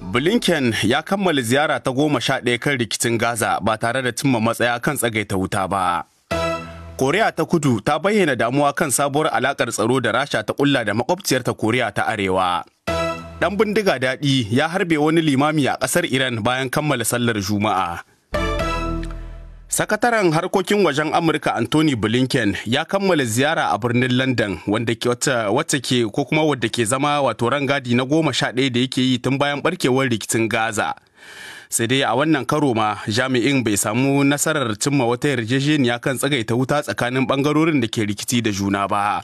Blinken ya kammala ziyara ta goma sha ɗaya kan rikicin Gaza ba tare da cimma matsaya kan tsagaita wuta ba. Koriya ta kudu ta bayyana damuwa kan sabuwar alakar tsaro da Rasha ta kulla da makwabciyarta Koriya ta Arewa. Ɗan bindiga daɗi ya harbe wani limami a ƙasar Iran bayan kammala sallar Juma'a. Sakataren harkokin wajen Amurka Anthony Blinken ya kammala ziyara a birnin London wanda ke wata ke ko kuma wadda ke zama wato rangadi na goma sha ɗaya da yake yi tun bayan barkewar rikicin Gaza. Sai dai a wannan karo ma jami'in bai samu nasarar cimma wata yarjejeniya kan tsagaita wuta tsakanin bangarorin da ke rikici da juna ba.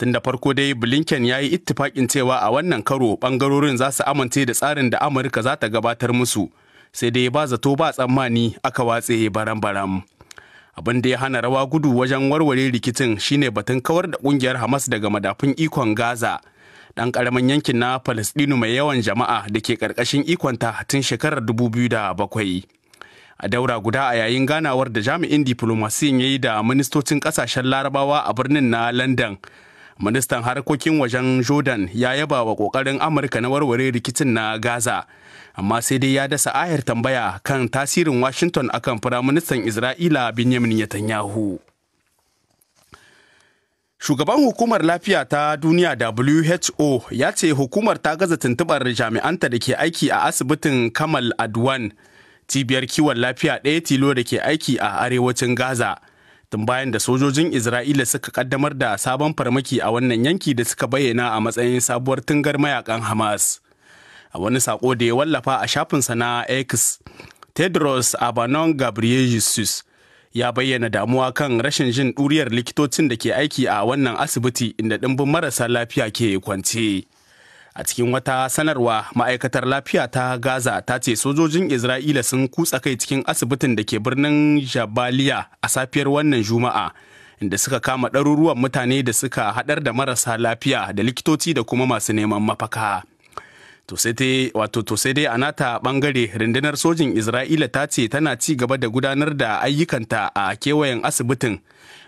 tun da farko dai blinken ya yi ittifakin cewa a wannan karo bangarorin za su amince da tsarin da amurka za ta gabatar musu sai dai ba zato ba tsammani aka watse baram-baram abin da ya hana rawa gudu wajen warware rikicin shine batun kawar da kungiyar hamas daga madafun ikon gaza Ɗan ƙaramin yankin na palestinu mai yawan jama'a da ke ƙarƙashin ikonta tun shekarar dubu biyu da bakwai. a daura guda a yayin ganawar da jami'in diplomasiyin ya yi da ministocin ƙasashen larabawa a birnin na london ministan harkokin wajen jordan ya yaba wa kokarin amurka na warware rikicin na gaza amma sai dai ya dasa ayar tambaya kan tasirin washington akan firaministan isra'ila benjamin netanyahu shugaban hukumar lafiya ta duniya who ya ce hukumar ta gaza tuntubar jami'anta da ke aiki a asibitin kamal adwan cibiyar kiwon lafiya ɗaya tilo da ke aiki a arewacin gaza tun bayan da sojojin Isra'ila suka kaddamar da sabon farmaki a wannan yanki da suka bayyana a matsayin sabuwar tungar mayakan Hamas. A wani sako da ya wallafa a shafinsa na X, Tedros Adhanom Ghebreyesus ya bayyana damuwa kan rashin jin ɗuriyar likitocin da ke aiki a wannan asibiti inda ɗimbin marasa lafiya ke kwance. a cikin wata sanarwa ma'aikatar lafiya ta gaza ta ce sojojin isra'ila sun kutsa kai cikin asibitin da ke birnin jabaliya a safiyar wannan juma'a inda suka kama ɗaruruwan mutane da suka haɗar da marasa lafiya da likitoci da kuma masu neman mafaka wato sai dai a nata bangare rundunar sojin isra'ila ta ce tana ci gaba da gudanar da ayyukanta a kewayen asibitin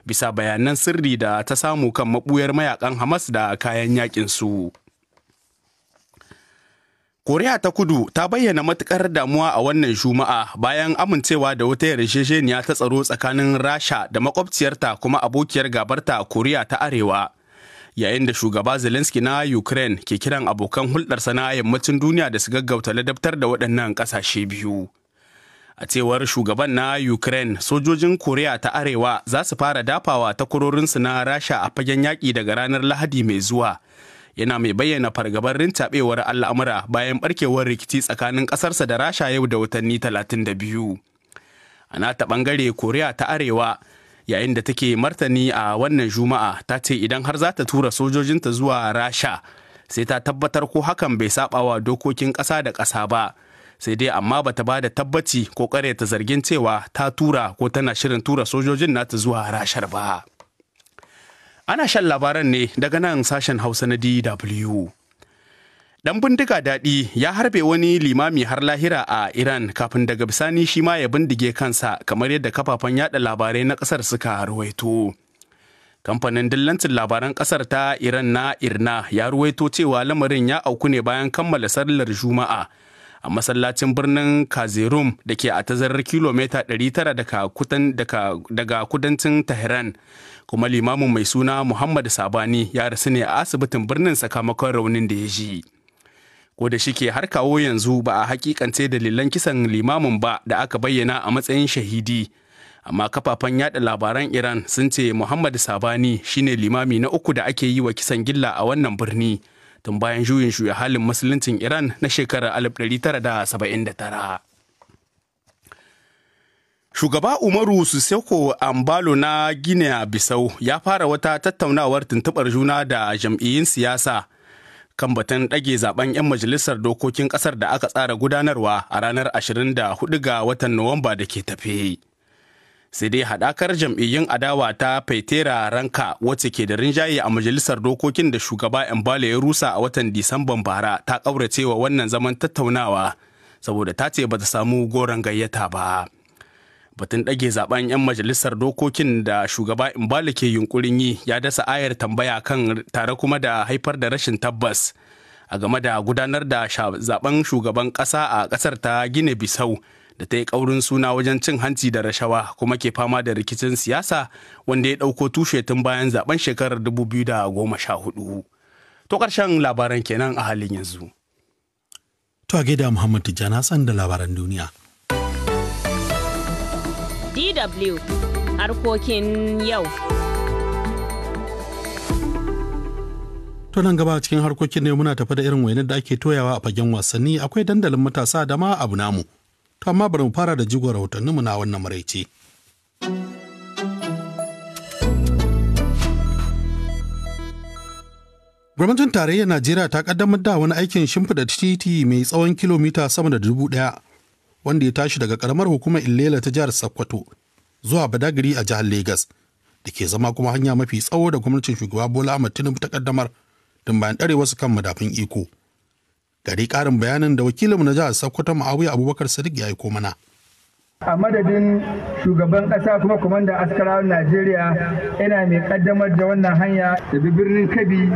bisa bayanan sirri da ta samu kan mabuyar mayakan hamas da kayan yakin su. Koriya ta Kudu ta bayyana matukar damuwa a wannan Juma'a bayan amincewa da wata yarjejeniya ta tsaro tsakanin Rasha da makwabciyarta kuma abokiyar gabarta Koriya ta Arewa. Yayin da shugaba Zelensky na Ukraine ke kiran abokan hulɗarsa na yammacin duniya da su gaggauta ladabtar da waɗannan ƙasashe biyu. A cewar shugaban na Ukraine, sojojin Koriya ta Arewa za su fara dafawa takwarorinsu na Rasha a fagen yaƙi daga ranar Lahadi mai zuwa. yana mai bayyana fargabar rintabewar al'amura bayan barkewar rikici tsakanin ƙasarsa da rasha yau da watanni 32 a nata ɓangare koriya ta arewa yayin da take martani a wannan juma'a ta ce idan har za ta tura sojojinta zuwa rasha sai ta tabbatar ko hakan bai saɓawa dokokin ƙasa da ƙasa ba sai dai amma ba ta ba da tabbaci ko ta zargin cewa ta tura ko tana shirin tura sojojin nata zuwa rashar ba. Ana shan labaran ne daga nan sashen Hausa na DW. Dan bindiga daɗi ya harbe wani limami har lahira a Iran kafin daga bisani shi ma ya bindige kansa kamar yadda kafafen yaɗa labarai na ƙasar suka ruwaito. Kamfanin dillancin labaran ƙasar ta Iran na Irna ya ruwaito cewa lamarin ya auku ne bayan kammala sallar Juma'a. a masallacin birnin kazerum da ke a tazarar kilomita 900 daga kudancin tehran kuma limamin mai suna muhammad sabani ya rasu ne a asibitin birnin sakamakon raunin da ya ji ko da shike har kawo yanzu ba a hakikance dalilan kisan limamin ba da aka bayyana a matsayin shahidi amma kafafen yada labaran iran sun ce muhammad sabani shine limami na uku da ake yi wa kisan gilla a wannan birni tun bayan juyin shuya halin musuluncin Iran na shekarar 1979. Shugaba Umaru Suseko, Ambalo na Guinea Bissau ya fara wata tattaunawar tuntuɓar juna da jam'iyyun siyasa kan batun ɗage zaben 'yan majalisar dokokin ƙasar da aka tsara gudanarwa a ranar 24 ga watan Nuwamba da ke tafe. sai dai haɗakar jam'iyyun adawa ta faitera ranka wacce ke da rinjaye a majalisar dokokin da shugaba embalo ya rusa a watan disamban bara ta ƙauracewa wannan zaman tattaunawa saboda ta ce bata samu goron gayyata ba batun ɗage zaben 'yan majalisar dokokin da shugaba imbali ke yunkurin yi ya dasa ayar tambaya kan tare kuma da haifar da rashin tabbas a game da gudanar da zaben shugaban ƙasa a ƙasar ta gine bisau da ta yi ƙaurin suna wajen cin hanci da rashawa kuma ke fama da rikicin siyasa wanda ya ɗauko tushe tun bayan zaben shekarar 2014. To ƙarshen labaran kenan a halin yanzu. To a gaida Muhammad Tijjani Hassan da labaran duniya. DW harkokin yau. To nan gaba cikin harkokin ne muna tafi da irin wainar da ake toyawa a fagen wasanni akwai dandalin matasa da ma abu namu. To amma bari mu fara da jigon rahotanninmu na wannan maraice. Gwamnatin tarayyar Najeriya ta kaddamar da wani aikin shimfiɗa titi mai tsawon kilomita sama da dubu ɗaya wanda ya tashi daga karamar hukumar ilela ta jihar Sokoto zuwa Badagiri a jihar Legas da ke zama kuma hanya mafi tsawo da gwamnatin shugaba Bola Ahmed Tinubu ta kaddamar tun bayan ɗare wasu kan madafin iko. gari karin bayanin da wakilinmu na jihar Sokoto ma'awuya Abubakar Sadiq ya aiko mana. a madadin shugaban kasa kuma kwamandan askarawan najeriya yana mai kaddamar da wannan hanya da birnin kabi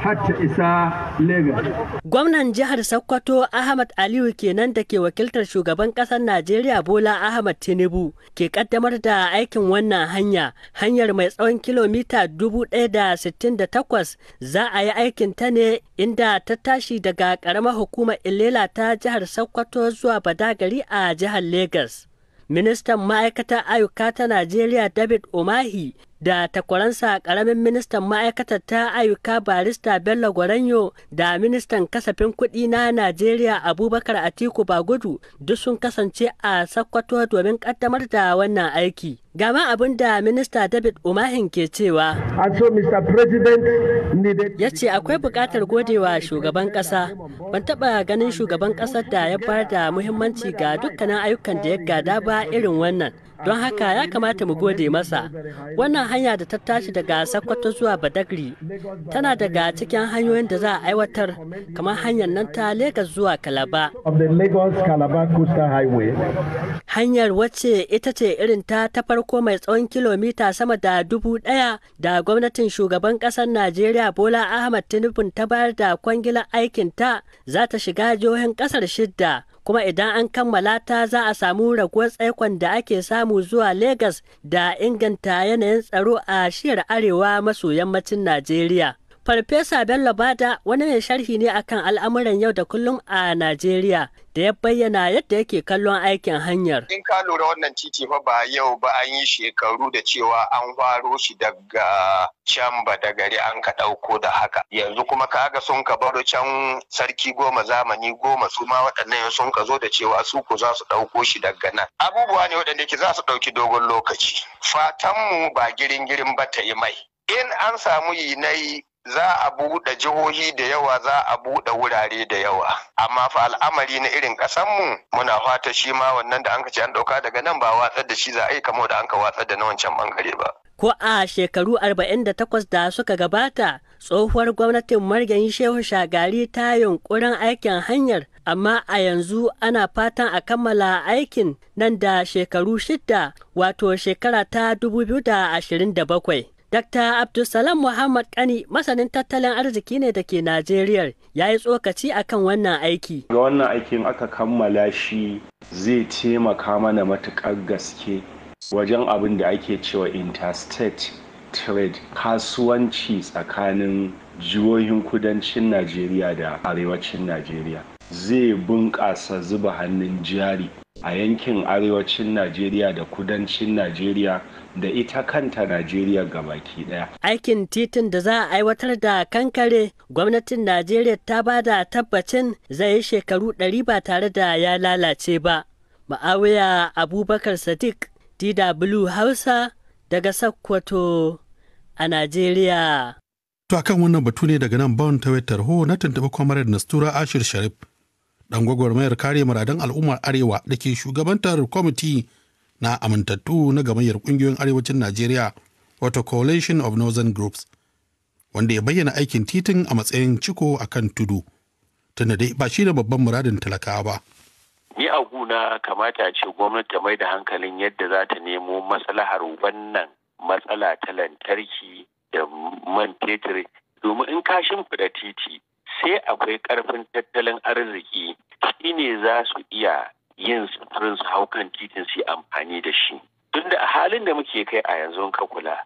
har ta isa lagos gwamnan jihar sokoto ahmad aliyu kenan da ke wakiltar shugaban kasar najeriya bola ahmad tinubu ke kaddamar da aikin wannan hanya hanyar mai tsawon kilomita 1,068 za a yi aikin ta ne inda ta tashi daga ƙaramar hukumar ilela ta jihar sokoto zuwa badagari a jihar lagos ministan ma'aikatar ayyuka ta najeriya david umahi da takwaransa karamin ministan ma'aikatar ta ayyuka barista bello gwaranyo da ministan kasafin kuɗi na najeriya abubakar atiku bagudu duk sun kasance a sakkwato domin kaddamar da wannan aiki gama abin da minista david umahin ke cewa ya ce akwai bukatar godewa shugaban ƙasa ban taɓa ganin shugaban ƙasar da ya bayar da muhimmanci ga dukkanin ayyukan da ya gada ba irin wannan don haka ya kamata mu gode masa wannan hanya da ta tashi daga sakkwato zuwa badagri tana daga cikin hanyoyin da za a aiwatar kamar hanyar nan ta lagos zuwa kalaba hanyar wacce ita ce irin ta ta farko mai tsawon kilomita sama da dubu daya da gwamnatin shugaban kasar najeriya bola ahmad tinubu ta bayar da kwangilar aikinta za ta shiga jihohin kasar shidda kuma idan an kammala ta za a samu raguwar tsaikon da ake samu zuwa Legas da inganta yanayin tsaro a shiyar arewa maso yammacin Najeriya. Farfesa Bello Bada wani mai sharhi ne akan al'amuran yau da kullum a Najeriya da ya bayyana yadda yake kallon aikin hanyar. In ka lura wannan titi fa ba yau ba an yi shekaru da cewa an faro shi daga can ba da gari an ka ɗauko da haka. Yanzu kuma ka ga sun ka baro can sarki goma zamani goma su ma waɗannan sun ka zo da cewa su ku za su ɗauko shi daga nan. Abubuwa ne waɗanda ke za su ɗauki dogon lokaci. Fatanmu ba girin girin ba ta yi mai. in an samu yi yinai za a buɗe jihohi da yawa za a buɗe wurare da yawa amma fa al'amari na irin ƙasanmu muna fata shi ma wannan da an ce an ɗauka daga nan ba watsar da shi za a yi kamar da an ka watsar da na wancan bangare ba. Ko a shekaru 48 da suka gabata tsohuwar gwamnatin margen shehu shagari ta yunkurin aikin hanyar amma a yanzu ana fatan a kammala aikin nan da shekaru shida, wato shekara ta 2027. Dr. Abdulsalam Muhammad Kani masanin tattalin arziki ne da ke Najeriya ya yi tsokaci a kan wannan aiki. Ga wannan aikin aka kammala shi zai taimaka mana matuƙar gaske wajen abin da ake cewa interstate trade kasuwanci tsakanin jihohin kudancin Najeriya da arewacin Najeriya. Zai bunƙasa zuba hannun jari a yankin arewacin Najeriya da kudancin Najeriya da ita kanta Najeriya gabaki daya. Aikin titin da za a aiwatar da kankare gwamnatin Najeriya ta ba da tabbacin zai yi shekaru ɗari ba tare da ya lalace ba. Ma'awiya Abubakar Sadiq DW Hausa daga Sokoto a Najeriya. To akan wannan batu ne daga nan bawon wetar ho na tuntuɓi kwamarar Nastura Ashir Sharif. ɗan gwagwarmayar kare muradan al'ummar Arewa da ke shugabantar kwamiti na amintattu na gamayyar ƙungiyoyin arewacin Najeriya wato Coalition of Northern Groups wanda ya bayyana aikin titin a matsayin ciko a kan tudu tunda dai ba shi da babban muradin talakawa ba. Ni a guna kamata a ce gwamnati ta mai da hankalin yadda za ta nemo maslahar wannan matsala ta lantarki da man fetur domin in ka shimfiɗa titi sai akwai ƙarfin tattalin arziki shine za su iya yin sufurin su hau kan titin su amfani da shi tunda a halin da muke kai a yanzu ka kula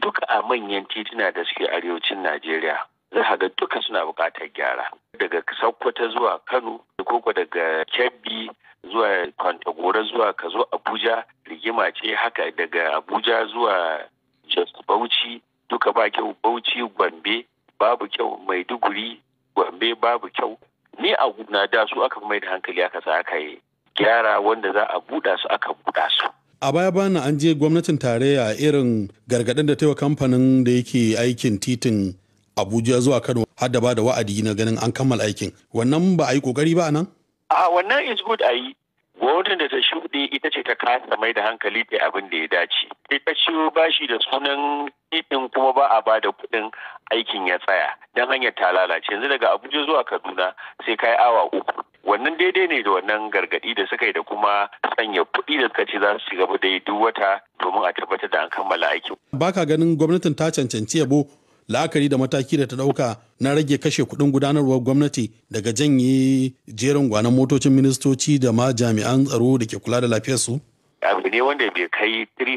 duka a manyan tituna da suke arewacin najeriya za ga duka suna buƙatar gyara daga sokoto zuwa kano koko daga kebbi zuwa kwantagora zuwa Kazo abuja rigima ce haka daga abuja zuwa jos bauchi duka ba kyau bauchi gombe babu kyau maiduguri gombe babu kyau ni a na da su aka mai da hankali aka sa aka yi gyara wanda za a buɗa su aka buɗa su a baya bana an je gwamnatin tarayya irin gargaɗin da taiwa kamfanin da yake aikin titin abuja zuwa kano har da ba da wa'adi na ganin an kammala aikin wannan ba a yi kokari ba nan a wannan is good a yi gwamnatin da ta shuɗe ita ce ta kasa mai da hankali da abin da ya dace ita ciwo bashi da sunan titin kuma ba a ba da kuɗin aikin ya tsaya don hanyar ta lalace yanzu daga abuja zuwa kaduna sai kai awa uku wannan daidai ne da wannan gargadi da suka yi da kuma sanya kuɗi da suka ce za su ci gaba da duk wata domin a tabbatar da an kammala aiki. Baka ganin gwamnatin ta cancanci yabo la'akari da mataki da ta ɗauka na rage kashe kuɗin gudanarwar gwamnati daga janye jerin gwanan motocin ministoci da ma jami'an tsaro da ke kula da lafiyar su. Abu ne wanda bai kai 3%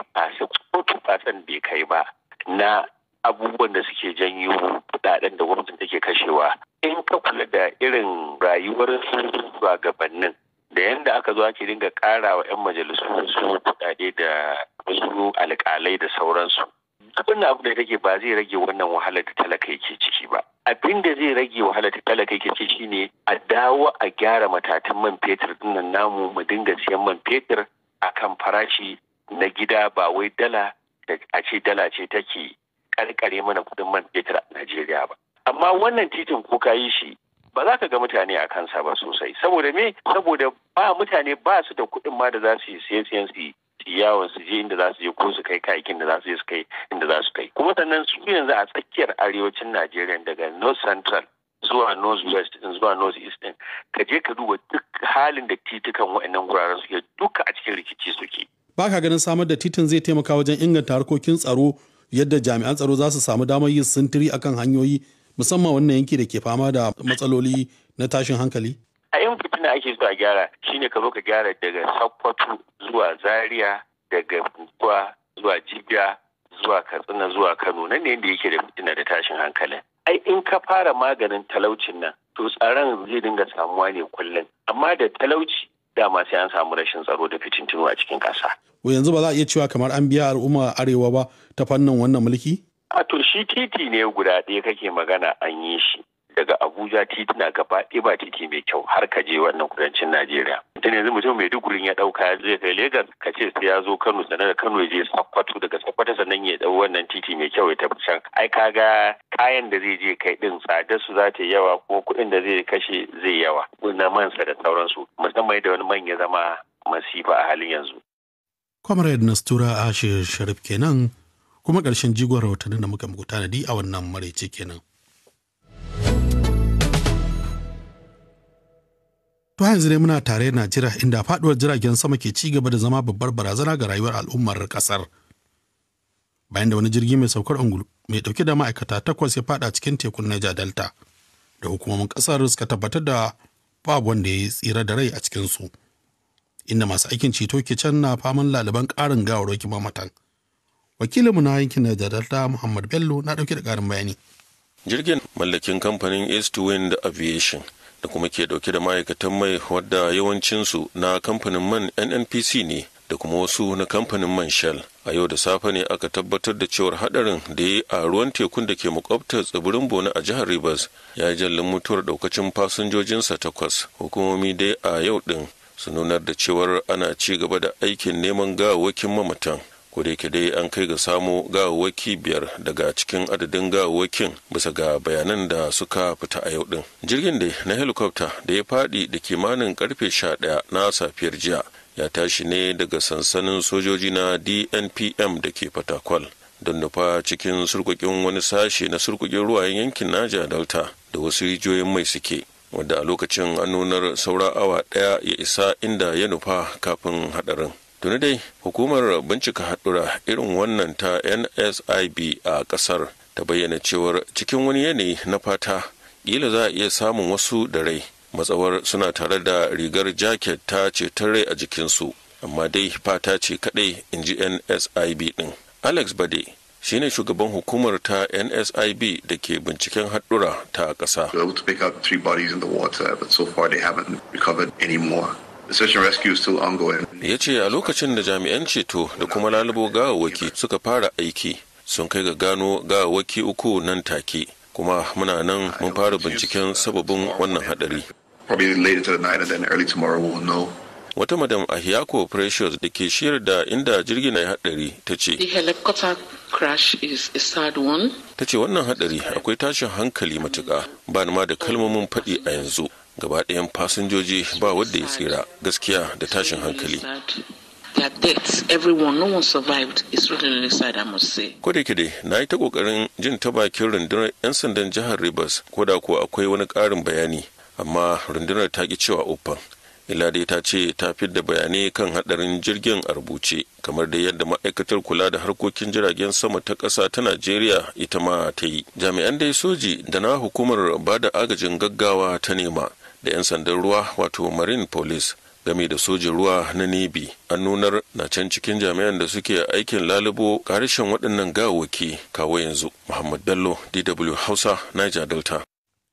ko 2% bai kai ba na abubuwan da suke janyo kudaden da gwamnati take kashewa in ka kula da irin rayuwar shugabannin da yadda aka zo ake dinga ƙara wa 'yan majalisu su kudade da wasu alƙalai da sauransu abin abu da rage ba zai rage wannan wahalar da talaka yake ciki ba abin da zai rage wahalar da talaka yake ciki shine a dawo a gyara matatan man fetur dinnan namu mu dinga siyan man fetur akan farashi na gida ba wai dala a ce dala ce take kare mana kudin man fetur a Najeriya ba. Amma wannan titin ko ka yi shi ba za ka ga mutane a kansa ba sosai saboda me saboda ba mutane ba su da kuɗin ma da za su yi siyan su yawon su je inda za su je ko su kai kayakin da za su je su kai inda za su kai kuma sannan su yanzu a tsakiyar arewacin Najeriya daga North Central zuwa north west zuwa north east din ka je ka duba duk halin da titukan waɗannan guraren suke duka a cikin rikici suke ba ka ganin samar da titin zai taimaka wajen inganta harkokin tsaro yadda jami'an tsaro za su samu damar yin sintiri akan hanyoyi musamman wannan yanki da ke fama da matsaloli na tashin hankali? A yin fitina ake zuwa gyara shine ka zo ka gyara daga Sokoto zuwa Zaria daga Bukwa zuwa Jibiya zuwa Katsina zuwa Kano nan ne yadda yake da fitina da tashin hankali. Ai in ka fara maganin talaucin nan to tsaron zai dinga samuwa ne kullum amma da talauci dama sai an samu rashin tsaro da fitintinu a cikin ƙasa. yanzu ba za a iya cewa kamar an biya al'umma arewa ba ta fannin wannan mulki? a to shi titi ne guda ɗaya kake magana an yi shi daga abuja titina gaba ba titi mai kyau har ka je wannan kudancin najeriya tun yanzu mutum mai dugurin ya dauka zai kai legas ka ce sai ya zo kano sannan da kano ya je Sokoto daga Sokoto sannan ya dau wannan titi mai kyau ya tafi can ai ga kayan da zai je kai ɗin tsadar su za ta yawa ko kuɗin da zai kashe zai yawa na mansa da sauransu musamman da wani man ya zama masifa a halin yanzu. Comrade Nastura Ashir Sharif kenan kuma ƙarshen jigon rahotannin da muka muku tanadi a wannan maraice kenan. to yanzu ne muna tare na jira, inda faduwar jiragen sama ke ci gaba da zama babbar barazana ga rayuwar al'ummar kasar bayan da wani jirgi mai saukar angulu mai dauke da ma'aikata takwas ya fada cikin tekun niger delta da hukumomin kasar suka tabbatar da babu wanda ya yi tsira da rai a cikin su inda masu aikin ceto ke can na faman laliban karin gawarwakin mamatan wakilinmu na yankin niger delta muhammad bello na dauke da karin bayani jirgin mallakin kamfanin east wind aviation da kuma ke dauke da ma'aikatan mai wadda yawancinsu na kamfanin man nnpc ne da kuma wasu na kamfanin man shell a yau da safe ne aka tabbatar da cewar hadarin da ya yi a ruwan tekun da ke makwabtar tsibirin Bona a jihar rivers ya yi jallin mutuwar daukacin fasinjojinsa takwas hukumomi dai a yau din su nunar da cewar ana ci gaba da aikin neman gawakin mamatan kodayake dai an kai ga samo gawawwaki biyar daga cikin adadin gawawwakin bisa ga bayanan da suka fita a yau din jirgin da na helikwafta da ya faɗi da kimanin karfe 11 na safiyar jiya ya tashi ne daga sansanin sojoji na dnpm da ke fatakwal don nufa cikin surkukin wani sashe na surkukin ruwayen yankin naja delta da wasu rijiyoyin mai suke wanda a lokacin an nunar saura awa ɗaya ya isa inda ya nufa kafin haɗarin tuni dai hukumar bincika haɗura irin wannan ta nsib a ƙasar ta bayyana cewar cikin wani yanayi na fata ƙila za a iya samun wasu da rai matsawar suna tare da rigar jaket ta ceton rai a jikinsu amma dai fata ce kaɗai in ji nsib ɗin alex bade shine shugaban hukumar ta nsib da ke binciken haɗura ta ƙasa Ya ce a lokacin da jami'an ceto da kuma lalubo gawawwaki suka fara aiki sun kai ga gano gawawwaki uku nan take kuma muna nan mun fara binciken sababin wannan hadari. Wata madam Ahiyako Precious da ke shiyar da inda jirgin ya hadari ta ce. Ta ce wannan hadari akwai tashin hankali matuƙa ba ni ma da kalmomin faɗi a yanzu. gaba ɗayan fasinjoji ba wanda ya tsira gaskiya da tashin hankali kodayake dai na yi ta kokarin jin ta bakin rundunar 'yan sandan jihar rivers ko da kuwa akwai wani ƙarin bayani amma rundunar ta ki cewa uffan ila dai ta ce ta da bayanai kan hadarin jirgin a rubuce kamar da yadda ma'aikatar kula da harkokin jiragen sama ta ƙasa ta najeriya ita ma ta yi jami'an dai soji da na hukumar ba da agajin gaggawa ta nema da 'yan sandan ruwa wato marine police game da sojin ruwa na nebi an nunar na can cikin jami'an da suke aikin lalubo harshen waɗannan gawaki kawo yanzu muhammad bello dw hausa niger delta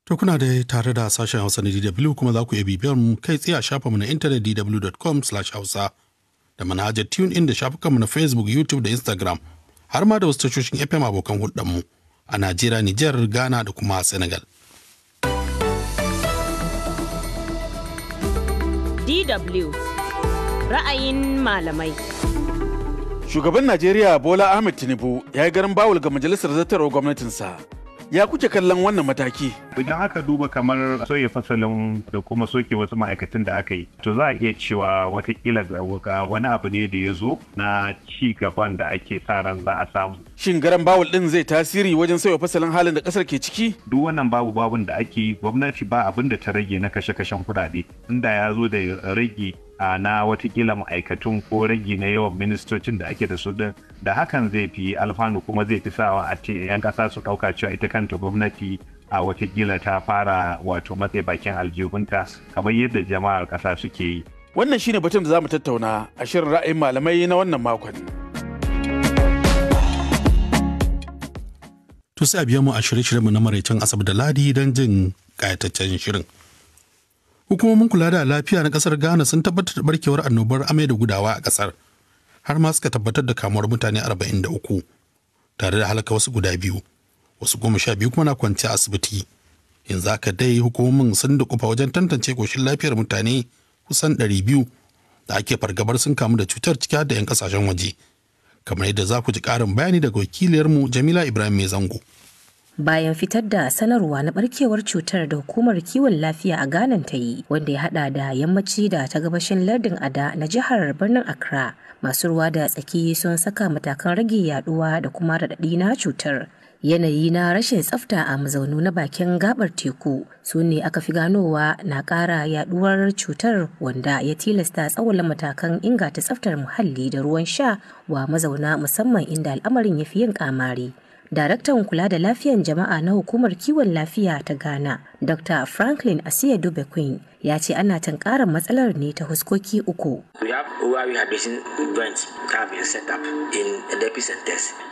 to kuna da tare da sashen hausa na dw kuma za ku iya bibiyar mu kai tsaye a shafinmu na intanet dw.com hausa da manhajar tune in da shafukanmu na facebook youtube da instagram har ma da wasu tashoshin fm abokan mu a najeriya niger ghana da kuma senegal DW ra'ayin malamai. Shugaban Najeriya Bola Ahmed Tinubu ya yi garin bawul ga majalisar zartarwar gwamnatinsa ya kuke kallon wannan mataki idan aka duba kamar soye fasalin da kuma soke wasu ma'aikatan da aka yi to za a iya cewa watakila ga wani abu ne da ya zo na ci gaban da ake sa ran za a samu shin garan bawul din zai tasiri wajen sauya fasalin halin da kasar ke ciki duk wannan babu babun da ake yi gwamnati ba abin da ta rage na kashe-kashen kuɗaɗe inda ya zo da rage na watakila ma'aikatun ko rage na yawan ministocin da ake da su din da hakan zai fi alfanu kuma zai fi sawa a ce 'yan kasa su ɗauka cewa ita kanta gwamnati a watakila ta fara wato matsayi bakin aljihunta kamar yadda jama'ar kasa suke yi. Wannan shine batun da za mu tattauna a shirin ra'ayin malamai na wannan makon. tusa biyan mu a shirye-shiryenmu na maraicin Asabar da Ladi don jin kayataccen shirin. Hukumomin kula da lafiya na kasar Ghana sun tabbatar da barkewar annobar amai da gudawa a kasar. Har ma suka tabbatar da kamuwar mutane arba'in da uku, tare da halaka wasu guda biyu. Wasu goma sha biyu kuma na kwanci a asibiti. Yanzu haka dai hukumomin sun dukufa wajen tantance koshin lafiyar mutane kusan ɗari biyu, da ake fargabar sun kamu da cutar ciki da 'yan kasashen waje. Kamar yadda za ku ji karin bayani daga wakiliyarmu Jamila Ibrahim Mai Zango. bayan fitar da sanarwa na barkewar cutar da hukumar kiwon lafiya a Ghana ta yi wanda ya hada da yammaci da ta gabashin lardin Ada na jihar birnin Accra. Masu ruwa da tsaki sun saka matakan rage yaduwa da kuma raɗaɗi na cutar. yanayi na rashin tsafta a mazaunu na bakin gabar teku su ne aka fi ganowa na kara yaduwar cutar wanda ya tilasta tsawon matakan inganta tsaftar muhalli da ruwan sha wa mazauna musamman inda al'amarin ya fi yin kamari. daraktan kula da lafiyan jama'a na hukumar kiwon lafiya ta Ghana Dr. Franklin Asiya Dube Queen ya ce ana tankarar matsalar ne ta huskoki uku.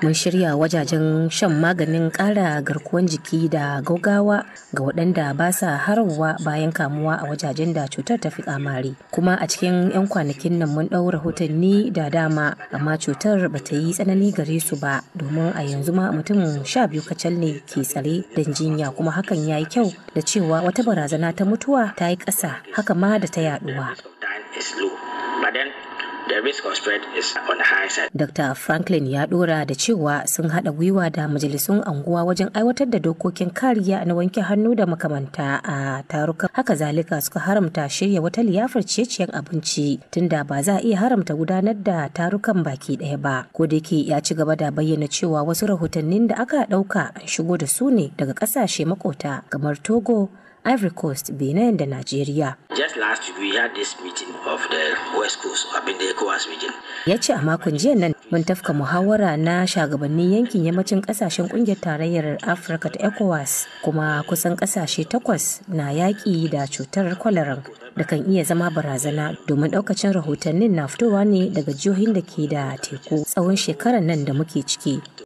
Mun shirya wajajen shan maganin ƙara garkuwan jiki da gaugawa ga waɗanda ba sa harawa bayan kamuwa a wajajen da cutar ta fi kamari. Kuma a cikin 'yan kwanakin nan mun ɗau rahotanni da dama amma cutar ba ta yi tsanani gare su ba domin a yanzu ma mutum sha biyu kacal ne ke tsare don jinya kuma hakan ya yi kyau da cewa wata barazana ta mutuwa ta yi ƙasa haka ma da ta yaduwa. the risk of spread is on the high side. Dr. Franklin ya dora da cewa sun haɗa gwiwa da majalisun anguwa wajen aiwatar da dokokin kariya na wanke hannu da makamanta a tarukan. Haka zalika suka haramta shirya wata liyafar ciye-ciyen abinci tunda ba za a iya haramta gudanar da tarukan baki ɗaya ba. Ko da yake ya ci gaba da bayyana cewa wasu rahotannin da aka ɗauka an shigo da su ne daga ƙasashe makota kamar Togo, Ivory Coast, Benin da Najeriya. Ya ce a makon jiya nan mun tafka muhawara na shagabannin yankin yammacin kasashen kungiyar tarayyar Afirka ta ECOWAS kuma kusan kasashe takwas na yaƙi da cutar kwalaran da kan iya zama barazana domin ɗaukacin rahotannin na fitowa ne daga jihohin da ke da teku tsawon shekarar nan da muke ciki.